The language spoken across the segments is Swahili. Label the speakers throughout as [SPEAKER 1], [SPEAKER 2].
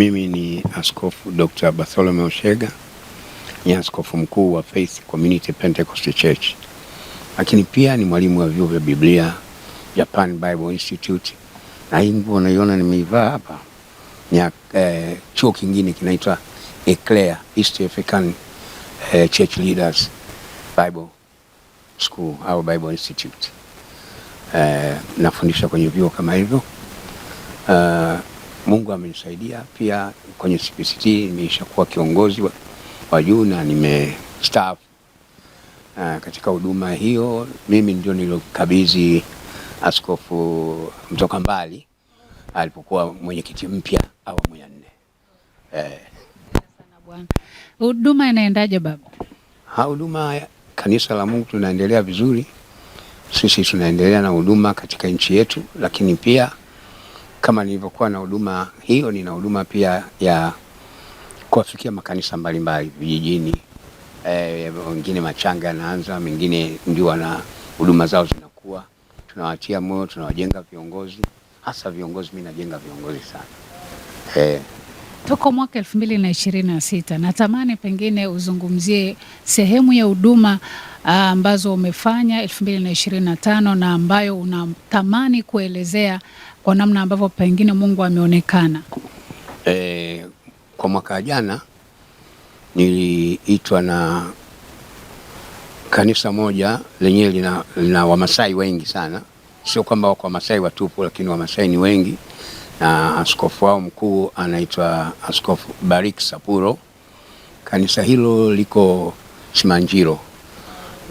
[SPEAKER 1] Mimi ni Askofu Dr. Bartholomew Shega, ni askofu mkuu wa Faith Community Pentecost Church, lakini pia ni mwalimu wa vyuo vya Biblia Japan Bible Institute, na hii nguo unaiona nimeivaa hapa ni eh, chuo kingine kinaitwa Eclair East African eh, Church Leaders Bible School au Bible Institute. Eh, nafundisha kwenye vyuo kama hivyo. Uh, Mungu amenisaidia pia kwenye CPCT nimeshakuwa kiongozi wa juu na nimestaafu. Uh, katika huduma hiyo mimi ndio nilokabidhi Askofu Mtoka Mbali alipokuwa mwenyekiti mpya awamu ya nne. Eh,
[SPEAKER 2] huduma inaendaje baba?
[SPEAKER 1] Ha, huduma kanisa la Mungu tunaendelea vizuri, sisi tunaendelea na huduma katika nchi yetu, lakini pia kama nilivyokuwa na huduma hiyo, nina huduma pia ya kuwafikia makanisa mbalimbali vijijini. E, wengine machanga yanaanza, mengine ndio wana huduma zao zinakuwa, tunawatia moyo, tunawajenga viongozi, hasa viongozi. Mimi najenga viongozi sana e.
[SPEAKER 2] Eh. Tuko mwaka elfu mbili na ishirini na sita. Natamani pengine uzungumzie sehemu ya huduma ah, ambazo umefanya elfu mbili na ishirini na tano na ambayo unatamani kuelezea kwa namna ambavyo pengine Mungu ameonekana?
[SPEAKER 1] E, kwa mwaka jana niliitwa na kanisa moja lenyewe lina, lina Wamasai wengi sana, sio kwamba wako Wamasai watupu, lakini Wamasai ni wengi, na askofu wao mkuu anaitwa Askofu barik Sapuro. Kanisa hilo liko Simanjiro,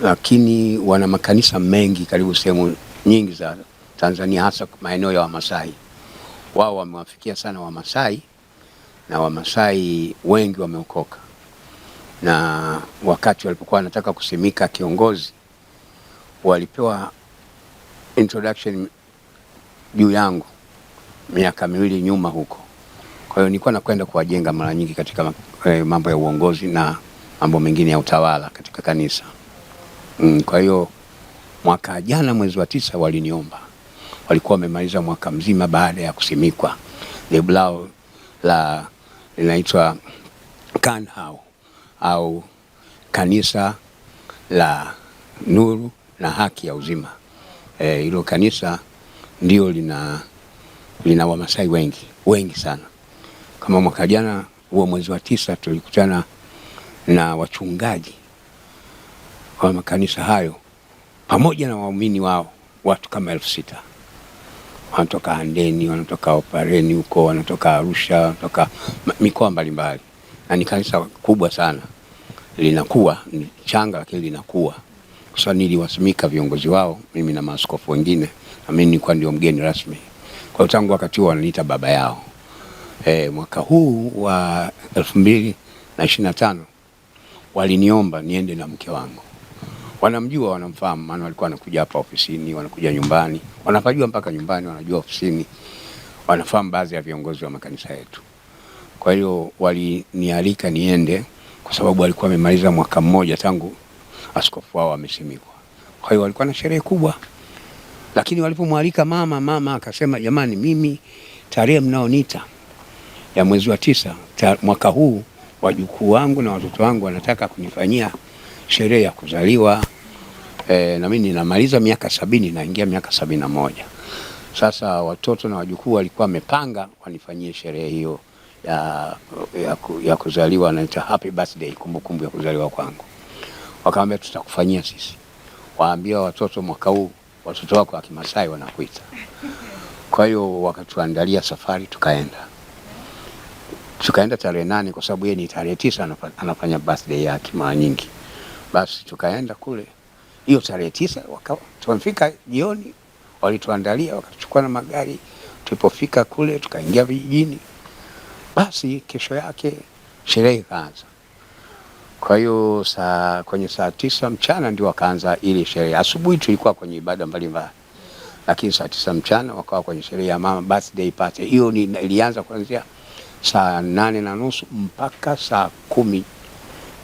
[SPEAKER 1] lakini wana makanisa mengi karibu sehemu nyingi za Tanzania, hasa maeneo ya Wamasai. Wao wamewafikia sana Wamasai na Wamasai wengi wameokoka, na wakati walipokuwa wanataka kusimika kiongozi walipewa introduction juu yangu miaka miwili nyuma huko. Kwa hiyo nilikuwa nakwenda kuwajenga mara nyingi katika eh, mambo ya uongozi na mambo mengine ya utawala katika kanisa. Mm, kwa hiyo mwaka jana mwezi wa tisa waliniomba walikuwa wamemaliza mwaka mzima baada ya kusimikwa. Dhehebu la linaitwa Kanhau au kanisa la nuru na haki ya uzima. E, hilo e, kanisa ndio lina, lina Wamasai wengi wengi sana. Kama mwaka jana huo mwezi wa tisa tulikutana na wachungaji wa makanisa hayo pamoja na waumini wao watu kama elfu sita wanatoka Handeni, wanatoka Opareni huko, wanatoka Arusha, wanatoka mikoa mbalimbali, na ni kanisa kubwa sana, linakuwa ni changa, lakini linakuwa kwa sababu niliwasimika viongozi wao, mimi na maaskofu wengine, na mimi nilikuwa ndio mgeni rasmi. Kwa hiyo tangu wakati huo wananiita baba yao. E, mwaka huu wa elfu mbili na ishirini na tano waliniomba niende na mke wangu wanamjua, wanamfahamu, maana walikuwa wanakuja hapa ofisini, wanakuja nyumbani, wanapajua mpaka nyumbani, wanajua ofisini, wanafahamu baadhi ya viongozi wa makanisa yetu. Kwa hiyo walinialika niende kwa sababu walikuwa wamemaliza mwaka mmoja tangu askofu wao amesimikwa. Kwa hiyo walikuwa na sherehe kubwa, lakini walipomwalika mama, mama akasema, jamani, mimi tarehe mnaonita ya mwezi wa tisa ta, mwaka huu wajukuu wangu na watoto wangu wanataka kunifanyia sherehe ya kuzaliwa e, na mimi ninamaliza miaka sabini naingia miaka sabini na moja. Sasa watoto na wajukuu walikuwa wamepanga wanifanyie sherehe hiyo ya, ya, ku, ya kuzaliwa, naita happy birthday, kumbukumbu ya kuzaliwa kwangu. Wakawambia tutakufanyia sisi, waambia watoto mwaka huu watoto wako wa Kimasai wanakuita. Kwa hiyo wakatuandalia safari, tukaenda tukaenda tarehe nane kwa sababu yeye ni tarehe tisa anafanya birthday yake mara nyingi. Basi tukaenda kule hiyo tarehe tisa, tumefika jioni, walituandalia wakatuchukua na magari. Tulipofika kule tukaingia vijijini, basi kesho yake sherehe ikaanza. Kwa hiyo saa kwenye saa tisa mchana ndio wakaanza ile sherehe. Asubuhi tulikuwa kwenye ibada mbalimbali, lakini saa tisa mchana wakawa kwenye sherehe ya mama birthday party. Hiyo ilianza kuanzia saa nane na nusu mpaka saa kumi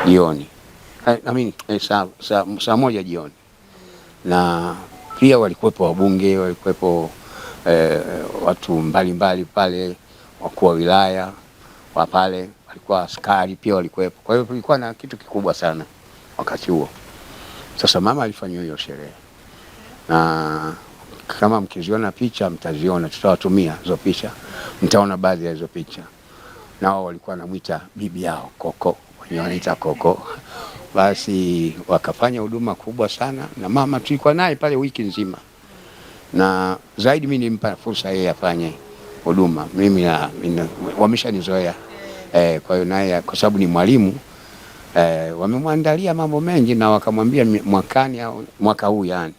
[SPEAKER 1] jioni. Eh, I mean, eh, saa, saa, saa moja jioni, na pia walikuwepo wabunge, walikuwepo eh, watu mbalimbali mbali pale, wakuu wa wilaya wa pale walikuwa, askari pia walikuwepo. Kwa hiyo kulikuwa na kitu kikubwa sana wakati huo. Sasa mama alifanya hiyo sherehe, na kama mkiziona picha mtaziona, tutawatumia hizo picha, mtaona baadhi ya hizo picha. Nao walikuwa wanamwita bibi yao Koko, wenyewe wanaita Koko basi wakafanya huduma kubwa sana, na mama tulikuwa naye pale wiki nzima, na zaidi mimi nimpa fursa yeye afanye huduma, mimi wameshanizoea eh. Kwa hiyo naye kwa sababu ni mwalimu eh, wamemwandalia mambo mengi na wakamwambia mwakani au mwaka huu yani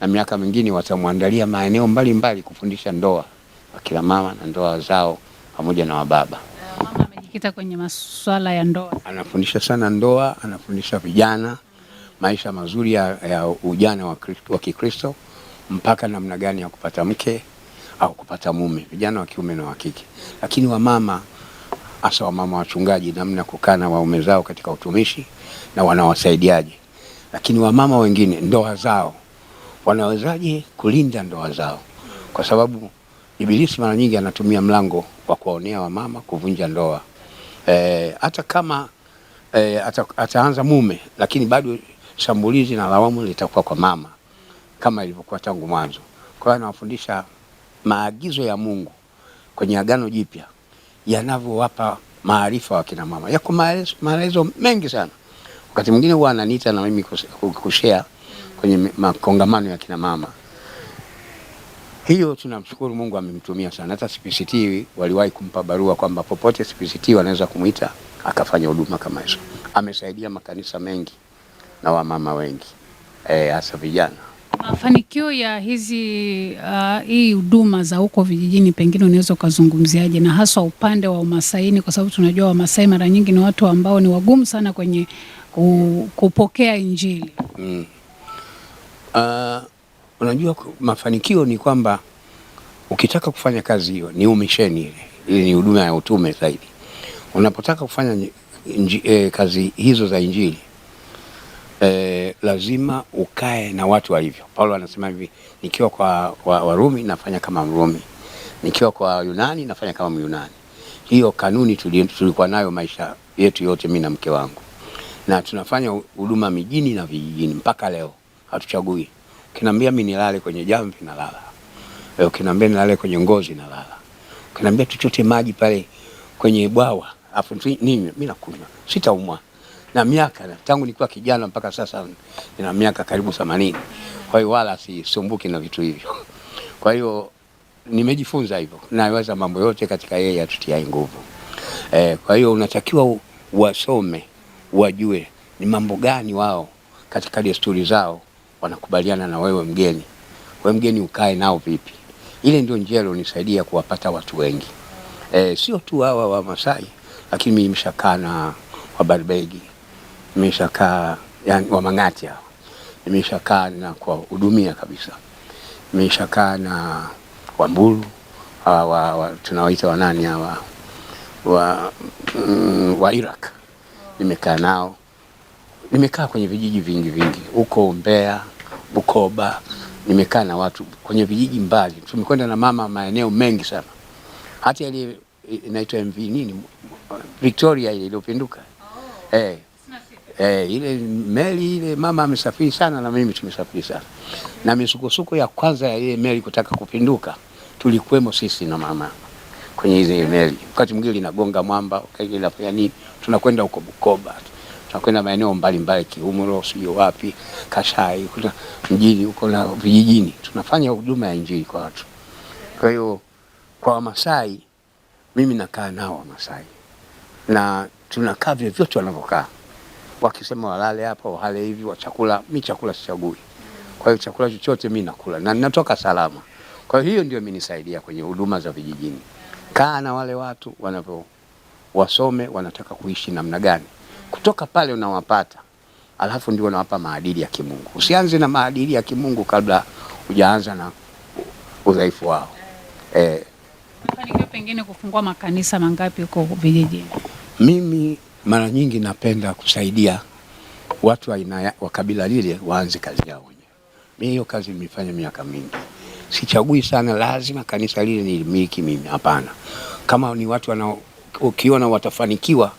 [SPEAKER 1] na miaka mingine watamwandalia maeneo mbalimbali kufundisha ndoa akina mama na ndoa zao pamoja na wababa
[SPEAKER 2] amejikita kwenye masuala ya ndoa,
[SPEAKER 1] anafundisha sana ndoa, anafundisha vijana maisha mazuri ya, ya ujana wa, wa Kikristo mpaka namna gani ya kupata mke au kupata mume, vijana wa kiume na wa kike, lakini wamama hasa wamama wachungaji, namna ya kukaa na waume zao katika utumishi na wanawasaidiaje. Lakini wamama wengine ndoa zao wanawezaje kulinda ndoa zao, kwa sababu Ibilisi mara nyingi anatumia mlango wa kuwaonea wamama kuvunja ndoa eh, hata kama eh, ata, ataanza mume, lakini bado shambulizi na lawamu litakuwa kwa mama kama ilivyokuwa tangu mwanzo. Kwa hiyo anawafundisha maagizo ya Mungu kwenye Agano Jipya yanavyowapa maarifa kina mama. Yako maelezo mengi sana. Wakati mwingine huwa ananiita na mimi kushare kwenye makongamano ya kina mama hiyo tunamshukuru Mungu amemtumia sana. Hata CPCT waliwahi kumpa barua kwamba popote CPCT wanaweza kumwita akafanya huduma kama hizo. Amesaidia makanisa mengi na wamama wengi e, hasa e, vijana.
[SPEAKER 2] Mafanikio ya hizi uh, hii huduma za huko vijijini, pengine unaweza ukazungumziaje, na haswa upande wa Umasaini, kwa sababu tunajua Wamasai mara nyingi ni watu ambao ni wagumu sana kwenye kupokea Injili mm.
[SPEAKER 1] uh, Unajua, mafanikio ni kwamba ukitaka kufanya kazi hiyo ni umisheni ile, ile ni huduma ya utume zaidi. Unapotaka kufanya nji, e, kazi hizo za injili e, lazima ukae na watu walivyo. Paulo anasema hivi, nikiwa kwa Warumi wa nafanya kama Mrumi, nikiwa kwa Yunani nafanya kama Myunani. Hiyo kanuni tulikuwa nayo maisha yetu yote, mimi na mke wangu, na tunafanya huduma mijini na vijijini mpaka leo, hatuchagui. Ukiniambia mimi nilale kwenye jamvi na lala. Eh, ukiniambia nilale kwenye ngozi na lala. Ukiniambia tuchote maji pale kwenye bwawa, afu nini mimi nakunywa. Sitaumwa. Na miaka na tangu nilikuwa kijana mpaka sasa nina miaka karibu 80. Kwa hiyo wala sisumbuki na vitu hivyo. Kwa hiyo nimejifunza hivyo. Naweza mambo yote katika yeye atutiaye nguvu. E, kwa hiyo unatakiwa wasome, wajue ni mambo gani wao katika desturi zao wanakubaliana na wewe mgeni, wewe mgeni ukae nao vipi? Ile ndio njia ilionisaidia kuwapata watu wengi e, sio tu hawa wa Masai, lakini mimi nimeshakaa na wabarbegi nimeshakaa yani wa Mangati hao, nimeshakaa na kwa hudumia kabisa, nimeshakaa na Wambulu hawa wa, wa, tunawaita wanani hawa wa, mm, wa Iraq nimekaa nao, nimekaa kwenye vijiji vingi vingi huko Mbeya Bukoba, nimekaa na watu kwenye vijiji mbali, tumekwenda na mama maeneo mengi sana, hata ile inaitwa MV nini Victoria ile iliyopinduka oh. Eh, eh, ile meli ile mama amesafiri sana na mimi tumesafiri sana na misukosuko ya kwanza ya ile meli kutaka kupinduka tulikuwemo sisi na mama kwenye ile meli, wakati mwingine linagonga mwamba, wakati linafanya nini, tunakwenda huko Bukoba tunakwenda maeneo mbalimbali Kiumro, sio wapi, Kashai, kuna mjini huko na vijijini, tunafanya huduma ya injili kwa watu. Kwa hiyo kwa Wamasai mimi nakaa nao Wamasai na tunakaa vyovyote wanavyokaa, wakisema walale hapa, wale hivi, wa chakula, mi chakula sichagui. Kwa hiyo chakula chochote mi nakula na ninatoka salama. Kwa hiyo ndio imenisaidia kwenye huduma za vijijini, kaa na wale watu wanavyo wasome, wanataka kuishi namna gani kutoka pale unawapata, alafu ndio unawapa maadili ya kimungu. Usianze na maadili ya kimungu kabla hujaanza na udhaifu wao. Eh,
[SPEAKER 2] eh. mafanikio pengine kufungua makanisa mangapi huko vijijini?
[SPEAKER 1] Mimi mara nyingi napenda kusaidia watu wa kabila lile waanze kazi yao wenyewe. Mimi hiyo kazi nimefanya miaka mingi, sichagui sana, lazima kanisa lile nilimiliki mimi. Hapana, kama ni watu wanao ukiona watafanikiwa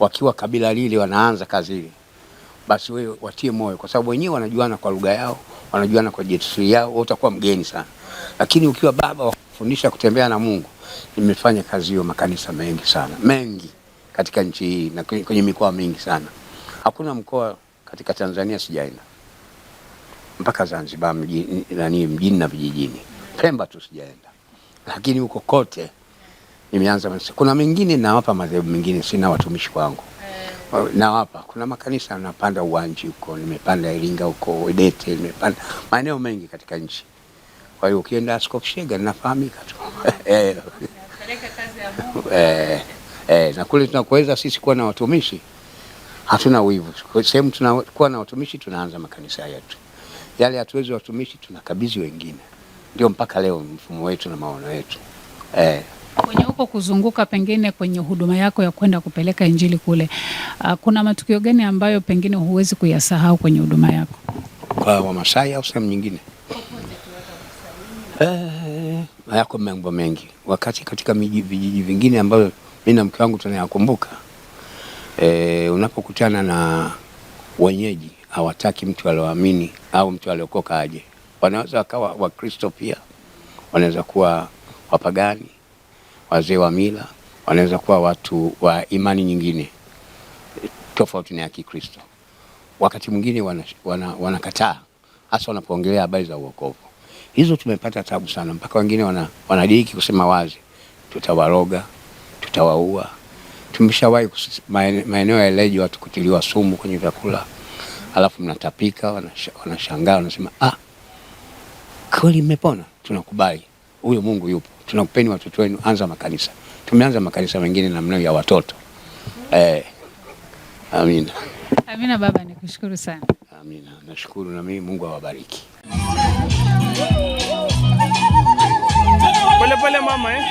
[SPEAKER 1] wakiwa kabila lile wanaanza kazi ile, basi wewe watie moyo, kwa sababu wenyewe wanajuana kwa lugha yao, wanajuana kwa desturi yao, wewe utakuwa mgeni sana. Lakini ukiwa baba wakufundisha kutembea na Mungu, nimefanya kazi hiyo makanisa mengi sana mengi katika nchi hii na kwenye mikoa mingi sana. Hakuna mkoa katika Tanzania sijaenda mpaka Zanzibar mjini, nani mjini na vijijini. Pemba tu sijaenda, lakini huko kote nimeanza. Kuna mengine nawapa madhehebu mengine, sina watumishi wangu eh. nawapa. Kuna makanisa napanda Uwanji huko, nimepanda Iringa huko, Idete, nimepanda maeneo mengi katika nchi. Kwa hiyo ukienda Askofu Shega nafahamika tu eh. eh, eh, na kule tunakuweza sisi kuwa na watumishi hatuna wivu. Sehemu tunakuwa na watumishi tunaanza makanisa yetu yale, hatuwezi watumishi tunakabidhi wengine. Ndio mpaka leo mfumo wetu na maono yetu
[SPEAKER 2] eh kwenye huko kuzunguka, pengine kwenye huduma yako ya kwenda kupeleka injili kule, uh, kuna matukio gani ambayo pengine huwezi kuyasahau kwenye huduma yako
[SPEAKER 1] kwa Wamasai au sehemu nyingine? Eh, hayako mambo mengi, wakati katika miji vijiji vingine ambayo mimi na mke wangu tunayakumbuka. Eh, unapokutana na wenyeji hawataki mtu alioamini au mtu aliokoka aje. Wanaweza wakawa Wakristo pia, wanaweza kuwa wapagani wazee wa mila, wanaweza kuwa watu wa imani nyingine tofauti na ya Kikristo. Wakati mwingine wanakataa, wana, wana hasa wanapoongelea habari za uokovu. Hizo tumepata tabu sana, mpaka wengine wana, wanadiriki kusema wazi, tutawaroga, tutawaua. Tumeshawahi maeneo ya Ileje watu kutiliwa sumu kwenye vyakula, alafu mnatapika, wanashangaa, wanasema ah, kweli mmepona. Tunakubali huyo Mungu yupo tunakupeni watoto wenu, anza makanisa. Tumeanza makanisa mengine mnao ya watoto eh. Amina,
[SPEAKER 2] amina. Baba nikushukuru sana.
[SPEAKER 1] Amina, nashukuru na mimi. Mungu awabariki.
[SPEAKER 3] Pole pole mama eh.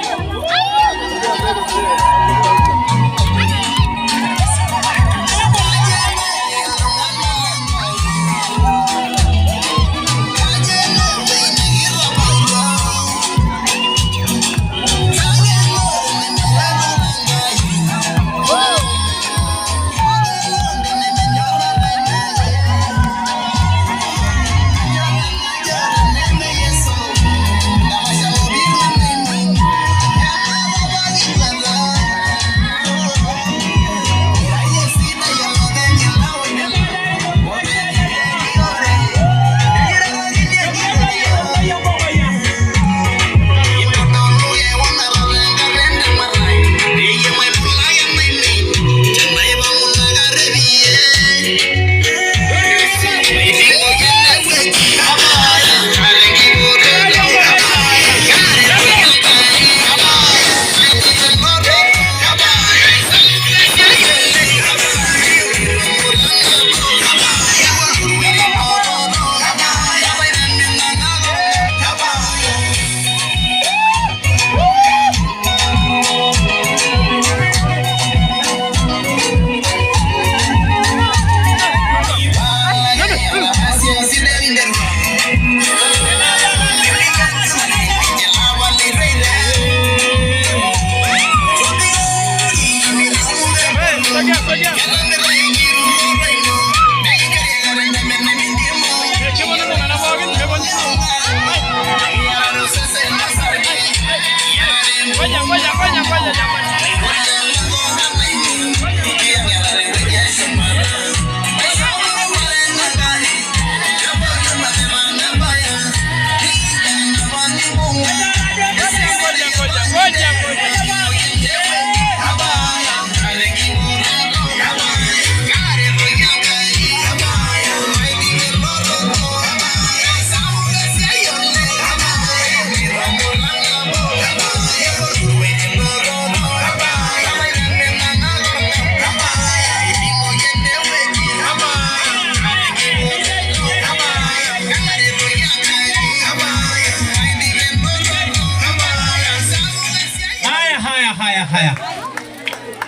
[SPEAKER 3] haya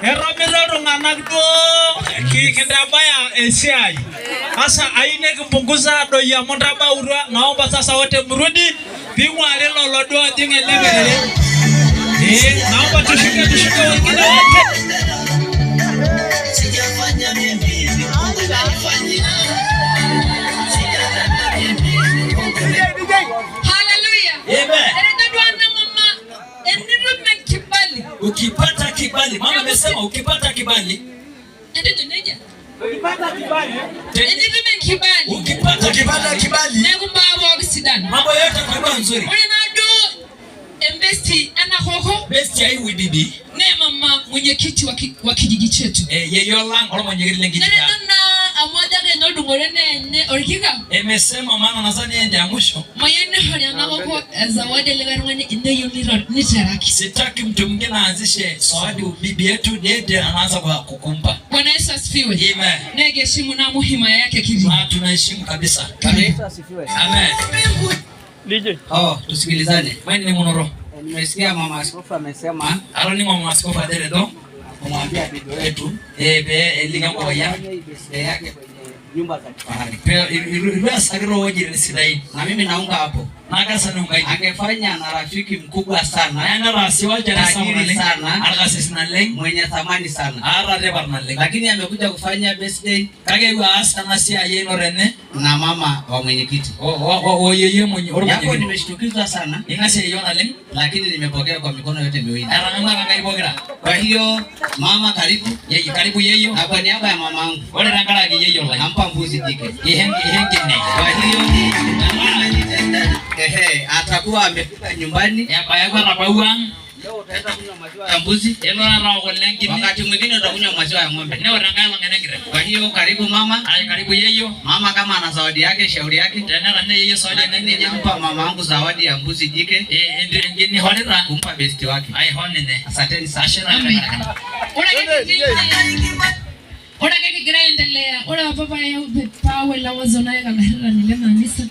[SPEAKER 3] eromita eh, iltung'anak duo kintabaya esiai hasa aine kimpunguza doi amu ntabautua naomba sasa wote mrudi ping'wari lolo duo ajing' eh, naomba tushuke tushuke wengine wote
[SPEAKER 4] ukipata kibali, mama amesema ukipata kibali ukipata kibali kibali mambo yote kwa nzuri
[SPEAKER 5] Besti ana hoho.
[SPEAKER 4] Besti ya wi bibi.
[SPEAKER 5] Ne mama mwenyekiti wa kijiji chetu.
[SPEAKER 4] Eh, yeyo lang olo mwenyekiti lengi. Na
[SPEAKER 5] na amwa n'odungore nene orikika
[SPEAKER 4] emesema maana nadhani yeye ya mwisho
[SPEAKER 5] mayene hali amaboko zawadi elegarwani inayo nitaraki
[SPEAKER 4] sitaki mtu mwingine aanzishe zawadi bibi yetu ndiye anaanza kwa kukumpa
[SPEAKER 5] Bwana Yesu asifiwe amen negeheshimu na muhima yake kivi
[SPEAKER 4] ah, tunaheshimu kabisa Bwana Yesu asifiwe amen DJ oh tusikilizane mimi ni monoro eh,
[SPEAKER 6] nimesikia mama askofu amesema alo ni mama askofu adele do kumwambia bibi yetu eh be eliga ngoya yake nyumba za kifahari. Yesu aliroho jina sidai. na mimi naunga hapo nakasanunga akefanya na rafiki mkubwa sana tajiri sana mwenye thamani sana, lakini amekuja kufanya birthday na mama wa mwenyekiti oh, oh, oh, yako. Nimeshtukizwa sana, lakini nimepokea kwa mikono yote miwili. Kwa hiyo mama, karibu karibu yeyo, na kwa niaba ya mamangu nampa mbuzi jike. Kwa hiyo ehe, atakuwa amefika nyumbani tambuzi wakati mwingine utakunywa maziwa ya ng'ombe. Kwa hiyo karibu mama, karibu yeyo mama, kama ana zawadi yake, shauri yake. Nilimpa mama wangu zawadi ya mbuzi jike, e, e, kumpa besti wake. Asanteni sana.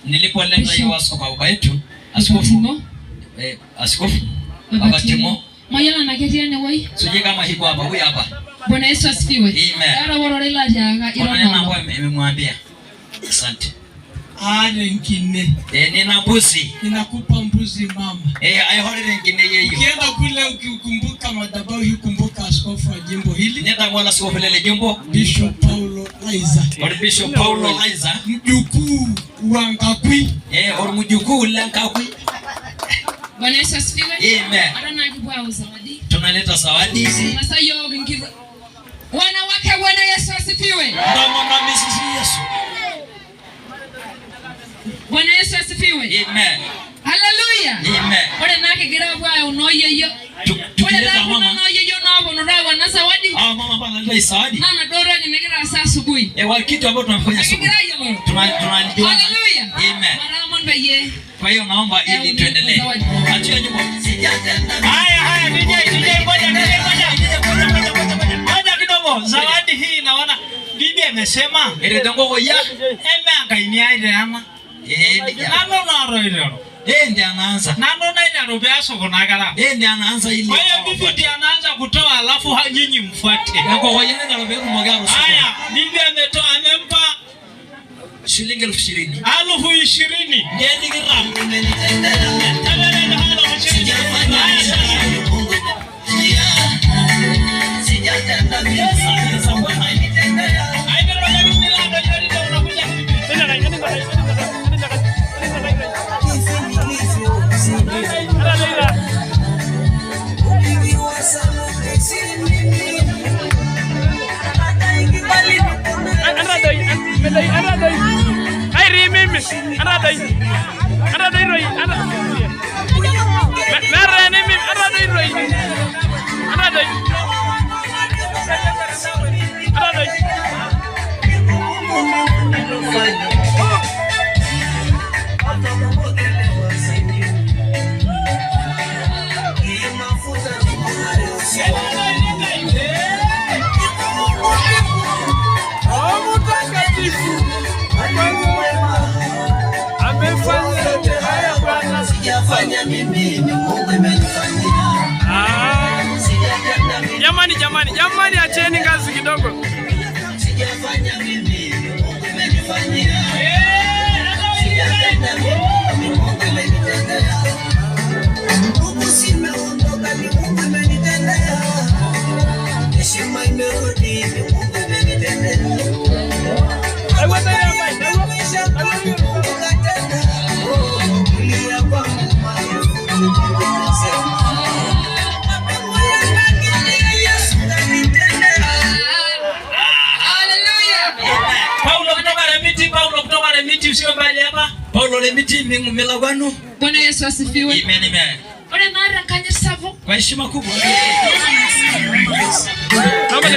[SPEAKER 4] Nilipoleta hiyo wazo kwa baba yetu
[SPEAKER 5] askofu,
[SPEAKER 4] eh, askofu baba Timo
[SPEAKER 5] mayana na ketia ne wai
[SPEAKER 4] sije kama hiko hapa, huyu hapa.
[SPEAKER 5] Bwana Yesu asifiwe. Dara worore la jaga
[SPEAKER 4] ilo na mambo nimemwambia. Asante.
[SPEAKER 7] Ada ngine.
[SPEAKER 4] Eh, nina mbuzi.
[SPEAKER 7] Ninakupa mbuzi mama.
[SPEAKER 4] Eh, aihore ngine yeye.
[SPEAKER 7] Ukienda kule ukikumbuka madhabahu hiyo askofu wa jimbo hili.
[SPEAKER 4] Nenda mwana askofu lile jimbo.
[SPEAKER 7] Bishop Paulo Laiza.
[SPEAKER 4] Or Bishop Paulo Laiza.
[SPEAKER 7] Mjukuu wa Nkakwi.
[SPEAKER 4] Eh, or mjukuu la Nkakwi.
[SPEAKER 5] Bwana Yesu asifiwe. Amen. Ana kibu au zawadi.
[SPEAKER 4] Tunaleta zawadi.
[SPEAKER 5] Masayo wingi. Wanawake, Bwana Yesu asifiwe.
[SPEAKER 7] Ndio mama Mrs. Yesu.
[SPEAKER 5] Bwana Yesu asifiwe. Amen. Hallelujah. Amen. Ore nakigira bwa unoyeyo.
[SPEAKER 4] wanajua isaadi.
[SPEAKER 5] Mama Dora nimegira saa asubuhi.
[SPEAKER 4] Eh, wa kitu ambacho tunafanya asubuhi. Tunajua.
[SPEAKER 5] Haleluya. Amen.
[SPEAKER 4] Kwa hiyo naomba eh, ili tuendelee. Achia nyumba.
[SPEAKER 3] Haya haya, DJ DJ moja DJ moja. Moja kidogo. Zawadi hii naona bibi amesema. Ile dongo ya. Amen, kainia ile ama. Eh, bibi. Ano na roho Ndiye anaanza. Na nona ile arobea soko nagara. Ndiye anaanza ile. Kwa hiyo bibi ndiye anaanza kutoa alafu nyinyi mfuate. Na kwa hiyo ndio arobea kumwaga soko. Haya, bibi ametoa amempa
[SPEAKER 4] shilingi elfu ishirini.
[SPEAKER 3] Elfu ishirini. Ndiye digram. Sijatenda vile. Another. Jamani, acheni ngazi kidogo. Tumeshika mbali hapa.
[SPEAKER 4] Paulo lemiti mingu milagwano.
[SPEAKER 5] Bwana Yesu asifiwe. Amen amen. Ole mara kanya savu. Kwa heshima kubwa. Kama ni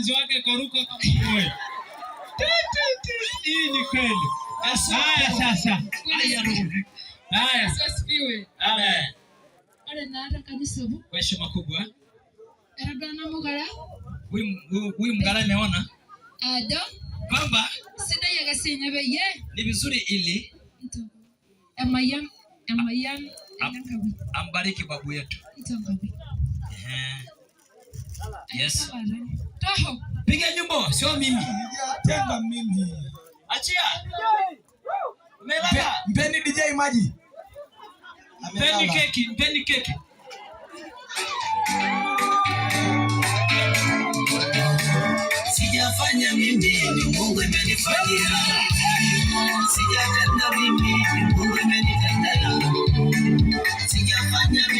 [SPEAKER 3] mpenzi wake karuka kama Hii ni kweli. Haya sasa. Haya
[SPEAKER 5] rudi. Haya. Asifiwe. Amen. bu.
[SPEAKER 4] Heshima kubwa.
[SPEAKER 5] Ado. Sida beye.
[SPEAKER 4] Ni vizuri ili.
[SPEAKER 5] Amayam amayam.
[SPEAKER 4] Ambariki babu yetu. Yes. Piga nyimbo, sio mimi. Tenda mimi. Achia. Melala.
[SPEAKER 8] Mpeni DJ maji.
[SPEAKER 4] Mpeni keki, mpeni keki. Sijafanya mimi, ni Mungu imenifanyia. Sijatenda mimi, ni Mungu imenitendea. Sijafanya
[SPEAKER 3] mimi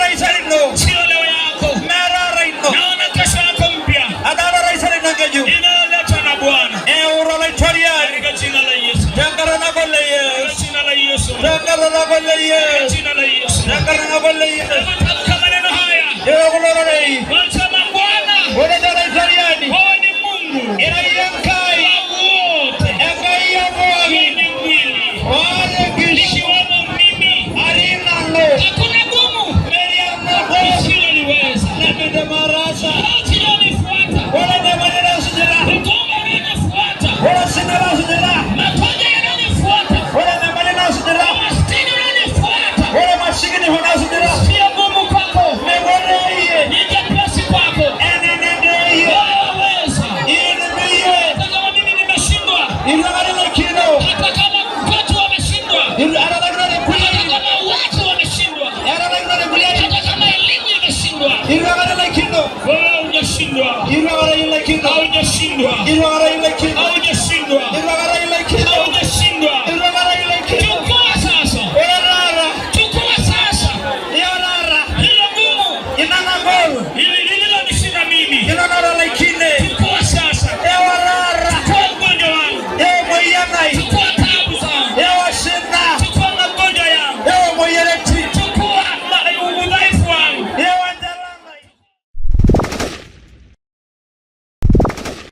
[SPEAKER 3] nadie.